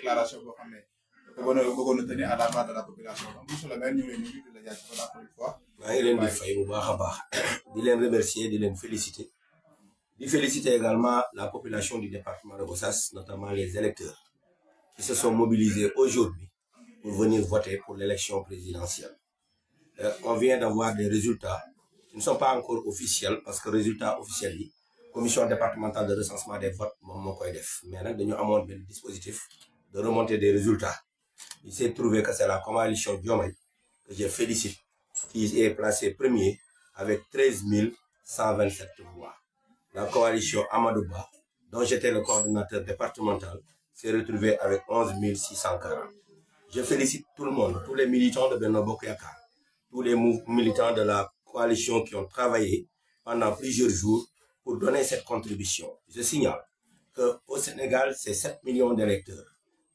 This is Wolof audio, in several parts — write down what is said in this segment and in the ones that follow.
Je vous la remercier féliciter également la population du département de Gossas notamment les électeurs qui se sont mobilisés aujourd'hui pour venir voter pour l'élection présidentielle. Euh, on vient d'avoir des résultats qui ne sont pas encore officiels parce que résultats officiels la commission départementale de recensement des votes moom moo mais dispositif de remonter des résultats. Il s'est trouvé que c'est la coalition Diomay que je félicite, qui est placé premier avec 13 127 voix. La coalition Amadouba, dont j'étais le coordinateur départemental, s'est retrouvée avec 11 640. Je félicite tout le monde, tous les militants de Benoît tous les militants de la coalition qui ont travaillé pendant plusieurs jours pour donner cette contribution. Je signale qu'au Sénégal, c'est 7 millions d'électeurs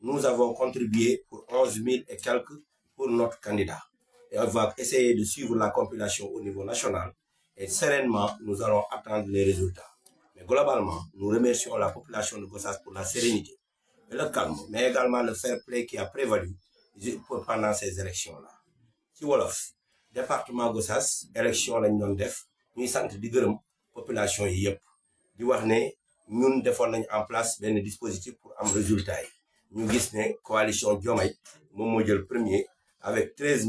nous avons contribué pour 11 000 et quelques pour notre candidat. Et on va essayer de suivre la compilation au niveau national et sereinement, nous allons attendre les résultats. Mais globalement, nous remercions la population de Gossas pour la sérénité le calme, mais également le fair play qui a prévalu pendant ces élections-là. Si Wolof, département Gossas, élection lañ def, population yi di en place des dispositif pour un résultat nous la coalition Diomai, mon modèle premier, avec 13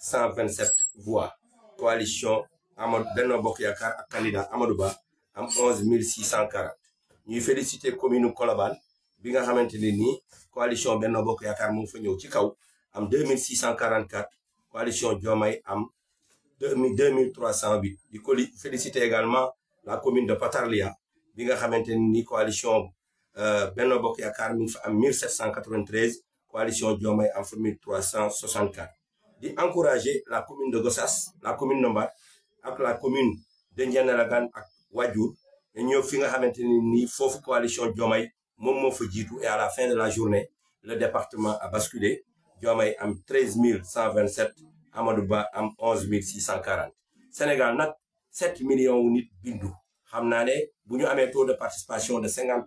127 voix. Coalition Amadou le candidat Amadou Ba, 11 640. Nous félicitons la commune Kolabal, nous avons la coalition Beno Bokyakar, en avons 2644. Coalition 2 2308. Nous félicitons également la commune de Patarlia, nous avons la coalition euh, Benno Bokk Yaakaar en 1793 coalition Diomay en 1364 Il encourager la commune de Gossas la commune de avec la commune de Ndianalagan ak Wadiour ñëw fi nga une coalition Diomay, et à la fin de la journée le département a basculé Diomay en 13 127 Amadou Ba 11 640 Sénégal a 7 millions de nit bindu xam taux de participation de 50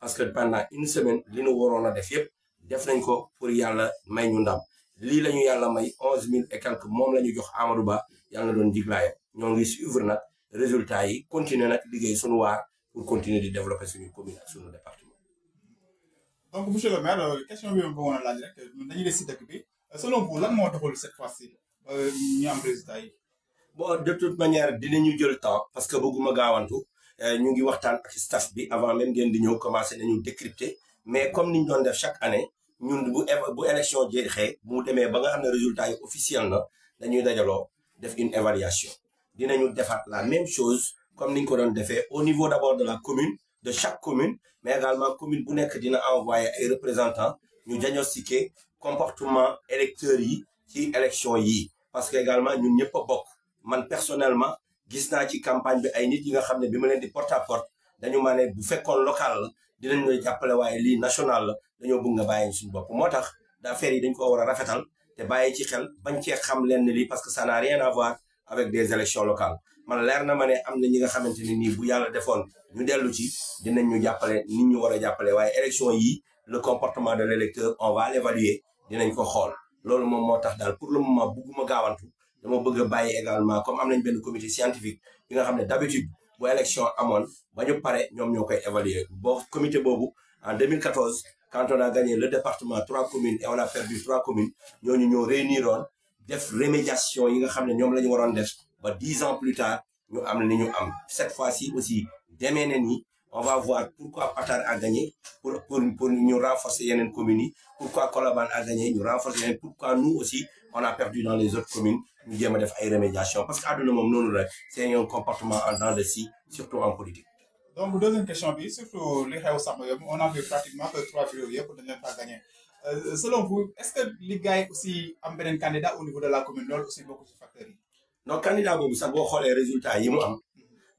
parce que pendant une semaine li nu waroon a def yépp def nañ ko pour yàlla may ñu ndam lii la ñu yàlla may onze mille et quelque moom la ñu jox Amadou Ba yàlla na doon jiglaayam ñoo ngi suivre nag résultat yi continuer nag liggéey suñu waar pour continuer di développer suñu commune ak suñu département. donc monsieur le maire euh, question bi ma bëggoon a laaj rek euh, dañuy des si dëkk bi euh, selon vous lan moo doxal cette fois-ci ñu am yi. bon de toute manière dinañu jël temps parce que bëgguma gaawantu. avons euh, ngi avec ak staff avant même de di ñëw à décrypter mais comme nous le faisons chaque année nous, bu bu élection jeexee bu mu avons ba résultat officiel nous dañuy dajaloo une évaluation Nous avons fait la même chose comme nous avons fait au niveau d'abord de la commune de chaque commune mais également commune bu nekk envoyé ay représentants nous diagnostiquer comportement électoral qui ci élection parce que également n'avons pas pas beaucoup. personnellement gis naa ci campagne bi ay nit yi nga xam ne bi ma leen di porte à dañu ma bu fekkoon local la dinañ ñooy jàppale waaye lii national la dañoo bëgg nga bàyyi suñu bokk moo tax affaire yi dañ ko war a rafetal te bàyyi ci xel bañ cee xam leen ne lii parce que ça n'a rien à voir avec des élections locales man leer na ma ne am na ñi nga xamante ne nii bu yàlla defoon ñu dellu ci dinañ ñu jàppale ni ñu war a jàppale waaye élection yi le comportement de l' électeur on va l' évaluer dinañ ko xool loolu moom moo tax daal pour le moment bugguma gaawantu dama bëgg a bàyyi également comme am nañ benn comité scientifique bi nga xam ne d'habitude bu élection amoon ba ñu pare ñoom ñoo koy évaluer comité boobu en 2014 quand on a gagné le département trois communes et on a perdu trois communes nous ñoo réuniroon def rémédiation yi nga xam ne ñoom la ñu waroon def ba dix ans plus tard ñu am ni ñu am cette fois-ci aussi demee ni on va voir pourquoi Patar a gagné, pour, pour, pour nous renforcer Yenen commune, pourquoi Colaban a gagné, nous renforcer pourquoi nous aussi, on a perdu dans les autres communes, nous devons faire une remédiation. Parce qu'à nous, c'est un comportement en dents de si surtout en politique. Donc, deuxième question, surtout les on a vu pratiquement que trois février pour ne pas gagner. selon vous, est-ce que les gars aussi ont un candidat au niveau de la commune, aussi beaucoup de facteurs Nos candidats, vous savez, les résultats,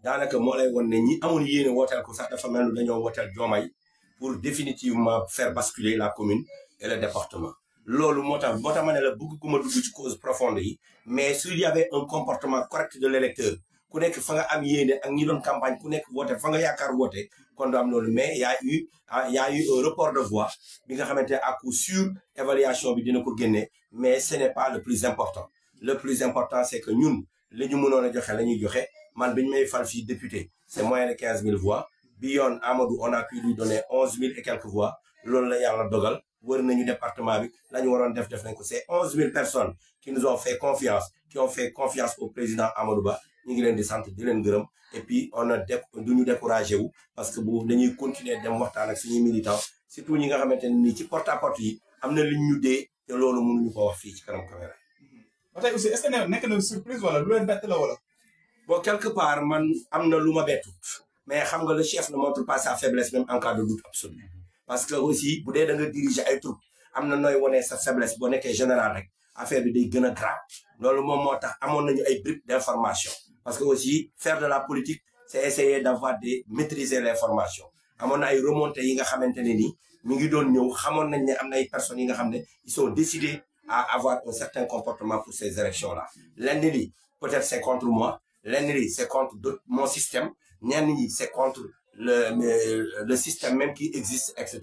daanaka moo lay won ñi amoon yéene wotal ko sax dafa mel ni dañoo wotal jomay pour définitivement faire basculer la commune et le département loolu moo tax mané la bëgg ku dugg ci cause profonde yi mais s'il y avait un comportement correct de l'électeur ku nekk fa nga am yéene ak ñi doon campagne ku nekk woote fa nga yaakaar woote kon do am loolu mais y a eu y a eu un report de voix bi nga xamante à coup sûr évaluation bi dina ko génne mais ce n'est pas le plus important le plus important c'est que ñun li ñu mënoon a joxe la ñuy joxe man Falfi, may fal député c'est moins de 15 000 voix Bion, Amadou on a pu lui donner 11 000 et quelques voix la yalla dogal wër département bi la c'est 11 000 personnes qui nous ont fait confiance qui ont fait confiance au président Amadou Ba ñu ngi leen di sant di leen et puis on a dé parce que bu dañuy continuer dem waxtaan ak suñuy militants surtout ñi nga xamanteni mis un ci porte à porte yi amna liñ ñu dé té loolu mënuñu ko wax fi ci caméra. est-ce que nek na surprise wala lu leen la wala bon quelque part man amna luma betout. mais xam nga le chef ne montre pas sa faiblesse même en cas de doute absolu parce que aussi bu dee da nga diriger ay troupes, amna noy woné sa faiblesse bo général rek affaire bi day gëna a grave loolu moom moo tax nañu ay bribes d'information parce que aussi faire de la politique c'est essayer d'avoir de maîtriser l'information Amon na ay remontées yi nga xamanténi ni mi ngi nañ ay personnes yi nga ils sont décidés à avoir un certain comportement pour ces élections là L'année li peut-être c'est contre moi l'ennemi c'est contre mon système l'ennemi c'est contre le, système même qui existe etc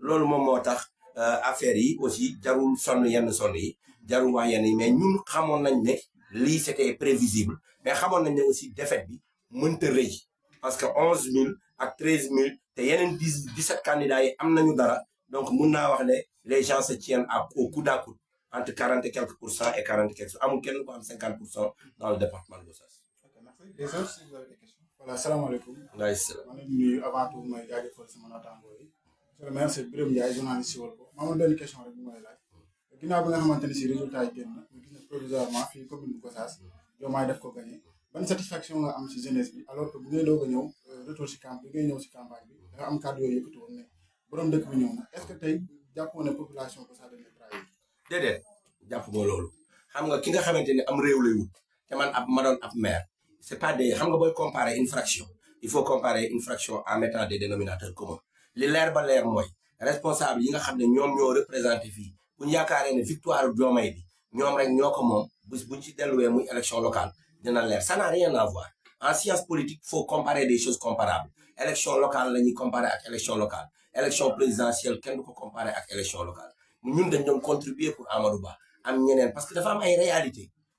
lors mon motar euh, affaire aussi jarul sonu yenn sonu mais nous, nous nañ né li c'était prévisible mais xamoon nañ né aussi défaite bi mën parce que 11 000 à 13 000 il y a 17 candidats qui sont là. dara donc mën wax né les gens se tiennent à, au coup d'un coup entre 40 et quelques et 40 et quelques Il 50 dans le département de l'Ossas. des heures si vous avez des questions. voilà salaamaaleykum. waaleykum salaam ma leen di nuyu avant tout may jaajëfal sama naataangoo yi. si Walf maa ngi benn question rek bu may laaj. ginnaaw bi nga xamante ne si résultat yi génn na gis na provisoirement fii commune bu Gossas Diomaye def ko gagné ban satisfaction nga am si jeunesse bi alors que bu ngay doog a si euh, camp bi bi dafa am kàddu yooyu yëkkati woon ne borom dëkk bi ñëw na est ce que tey jàppoo ne population Gossas dañ lay trahir. nga ki nga xamante ni am réew lay wut te man ma doon ab c'est pas des xam nga comparer une fraction il faut comparer une fraction en mettant des dénominateurs communs li leer ba leer moy responsable yi nga xamné ñom ñoo représenter fi bu ñu né victoire Diomaye bi ñom rek ñoko mom moom bu ñu ci delluwee muy élection locale dina leer ça n'a rien à voir en science politique faut comparer des choses comparables élection locale la comparer ak élection locale élection présidentielle kenn du ko comparer ak élection locale ñun dañ doon contribuer pour Amadou Ba am parce que dafa am ay réalité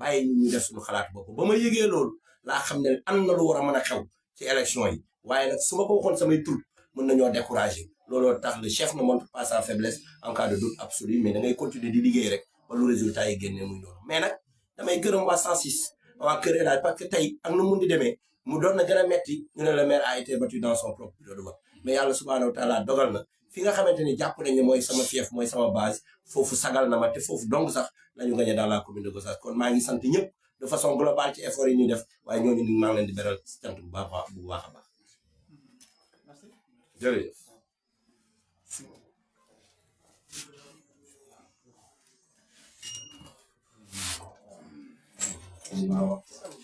bàyyi ñu ñu def suñu xalaat ba ma yégué lool la xamné ne am na lu war a xew ci élection yi waaye nak suma ko waxon samay tur mën nañoo décourager looloo tax le chef ne montre pas sa faiblesse en cas de doute absolu mais da ngay continuer di liggéey rek ba lu résultat yi génné muy noonu mais nak damay gërëm waa 106 wa Kër Elhadj parce que tey ak nu mu mun di demee mu doona gëna metti ñu ne le maire a été battu dans son propre bureau de vote mais yalla subhanahu wa taala dogal na fi nga xamanteni japp jàpp nañu moy sama fief moy sama base fofu sagal na ma te fofu dong sax lañu gagné dans la commune de Gossas kon ma ngi sant ñëpp de façon globale ci effort yi ñu def way ñoo ñu maa ngi leen di beral sant bu baax bu baax a baax Terima kasih.